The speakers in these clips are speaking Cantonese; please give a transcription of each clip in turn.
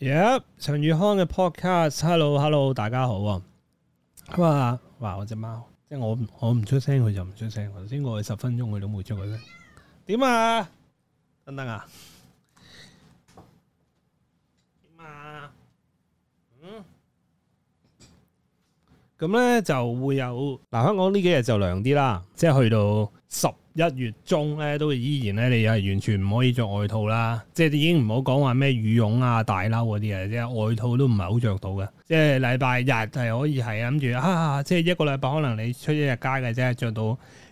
Yep，陳宇康嘅 podcast，hello hello，大家好啊。哇哇，話我隻貓，即係我我唔出聲，佢就唔出聲。頭先過佢十分鐘，佢都冇出過聲。點啊？等等啊？點啊？嗯，咁咧就會有嗱，香港呢幾日就涼啲啦，即係去到十。一月中咧都依然咧，你又係完全唔可以着外套啦，即係已經唔好講話咩羽絨啊、大褸嗰啲啊，即係外套都唔係好着到嘅。即係禮拜日就係可以係諗住啊，即係一個禮拜可能你出一日街嘅啫，着到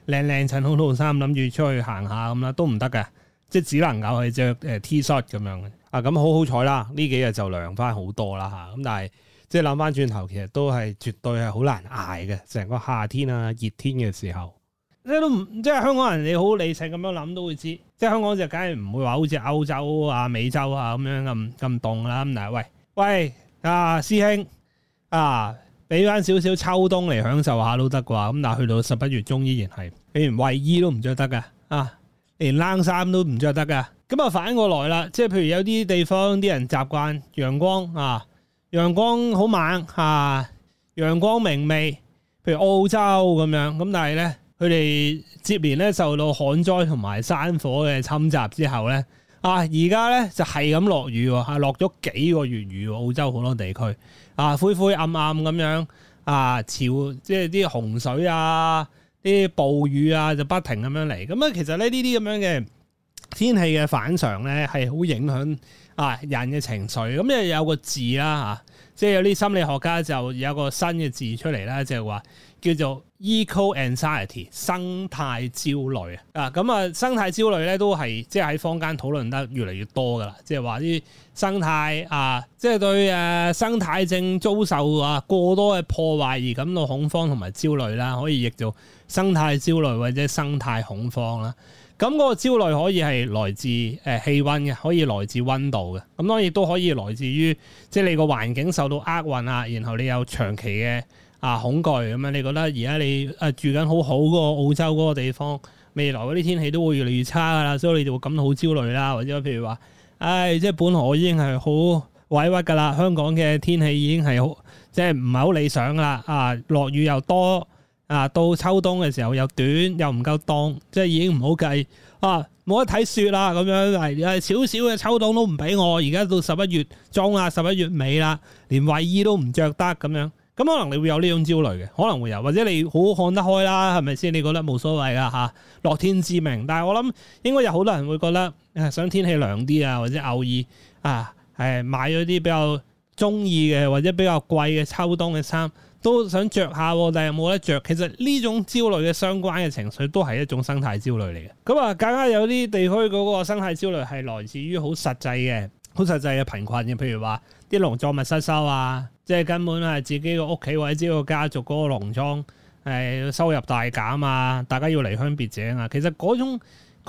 靚靚襯好套衫，諗住出去行下咁啦，都唔得嘅。即係只能夠去著誒 T 恤咁樣啊。咁好好彩啦，呢幾日就涼翻好多啦嚇。咁但係即係諗翻轉頭，其實都係絕對係好難捱嘅，成個夏天啊、熱天嘅時候。即係都唔，即係香港人，你好理性咁樣諗都會知，即係香港就梗係唔會話好似歐洲啊、美洲啊咁樣咁咁凍啦。咁嗱，喂喂，啊師兄啊，俾翻少少秋冬嚟享受下都得啩？咁但係，去到十一月中依然係，譬如衛衣都唔着得㗎，啊，連冷衫都唔着得㗎。咁啊，就反過來啦，即係譬如有啲地方啲人習慣陽光啊，陽光好猛啊，陽光明媚，譬如澳洲咁樣。咁但係咧。佢哋接連咧受到旱災同埋山火嘅侵襲之後咧，啊而家咧就係咁落雨喎，落咗幾個月雨，澳洲好多地區，啊灰灰暗暗咁樣，啊潮即係啲洪水啊，啲暴雨啊就不停咁樣嚟，咁啊其實咧呢啲咁樣嘅。天氣嘅反常咧，係好影響啊人嘅情緒。咁、嗯、又有個字啦嚇、啊，即係有啲心理學家就有個新嘅字出嚟啦，就係、是、話叫做 eco anxiety 生態焦慮啊。咁啊，生態焦慮咧都係即係喺坊間討論得越嚟越多噶啦，即係話啲生態啊，即係對誒生態正遭受啊過多嘅破壞而感到恐慌同埋焦慮啦，可以譯做生態焦慮或者生態恐慌啦。咁嗰個焦慮可以係來自誒氣温嘅，可以來自温度嘅，咁當然都可以來自於即係你個環境受到厄運啊，然後你有長期嘅啊恐懼，咁樣你覺得而家你住緊好好嗰個澳洲嗰個地方，未來嗰啲天氣都會越嚟越差噶啦，所以你就會感到好焦慮啦，或者譬如話，唉、哎，即係本來我已經係好委屈噶啦，香港嘅天氣已經係好即係唔係好理想噶啦，啊落雨又多。啊，到秋冬嘅時候又短又唔夠凍，即係已經唔好計啊！冇得睇雪啦，咁樣係少少嘅秋冬都唔俾我。而家到十一月中啦，十一月尾啦，連衞衣都唔着得咁樣。咁可能你會有呢種焦慮嘅，可能會有，或者你好好看得開啦，係咪先？你覺得冇所謂啊嚇，樂天知命。但係我諗應該有好多人會覺得，誒、啊、想天氣涼啲啊，或者偶爾啊，係、啊、買咗啲比較中意嘅或者比較貴嘅秋冬嘅衫。都想着下，但係冇得着。其實呢種焦慮嘅相關嘅情緒，都係一種生態焦慮嚟嘅。咁、嗯、啊，更加有啲地區嗰個生態焦慮係來自於好實際嘅，好實際嘅貧困嘅。譬如話啲農作物失收啊，即係根本係自己個屋企或者個家族嗰個農莊誒收入大減啊，大家要離鄉別井啊。其實嗰種。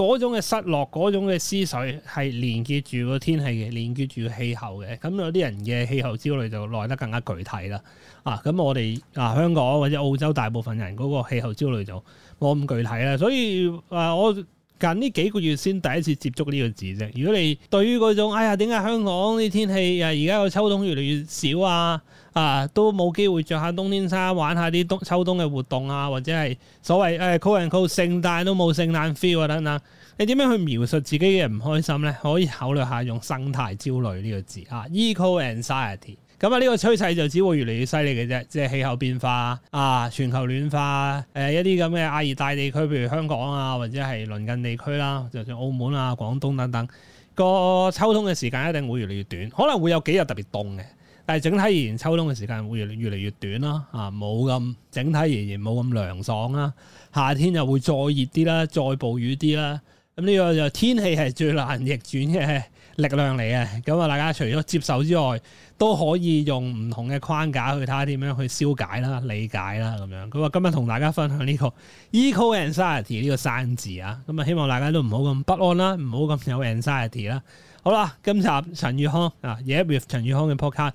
嗰種嘅失落，嗰種嘅思緒，係連結住個天氣嘅，連結住氣候嘅。咁有啲人嘅氣候焦慮就來得更加具體啦。啊，咁我哋啊香港或者澳洲大部分人嗰個氣候焦慮就冇咁具體啦。所以啊，我近呢幾個月先第一次接觸呢個字啫。如果你對於嗰種，哎呀，點解香港啲天氣啊，而家個秋冬越嚟越少啊，啊，都冇機會着下冬天衫，玩下啲冬秋冬嘅活動啊，或者係所謂誒 cooler and cooler 聖誕都冇聖誕 feel 啊等等。你點樣去描述自己嘅唔開心呢？可以考慮下用生態焦慮呢個字啊，eco anxiety。咁啊，呢個趨勢就只會越嚟越犀利嘅啫，即係氣候變化啊，全球暖化，呃、一啲咁嘅亞熱帶地區，譬如香港啊，或者係鄰近地區啦、啊，就算澳門啊、廣東等等，個秋冬嘅時間一定會越嚟越短，可能會有幾日特別凍嘅，但係整體而言，秋冬嘅時間會越嚟越短啦、啊，啊，冇咁整體而言冇咁涼爽啦、啊，夏天又會再熱啲啦，再暴雨啲啦、啊，咁、嗯、呢、個就天氣係最難逆轉嘅。力量嚟嘅，咁啊，大家除咗接受之外，都可以用唔同嘅框架去睇下點樣去消解啦、理解啦咁樣咁啊，今日同大家分享呢、呢個 eco anxiety 呢個生字啊！咁啊，希望大家都唔好咁不安啦，唔好咁有 anxiety 啦。好啦，今集陳宇康啊 ear with 陳宇康嘅 podcast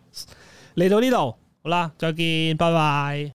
嚟到呢度，好啦，再見，拜拜。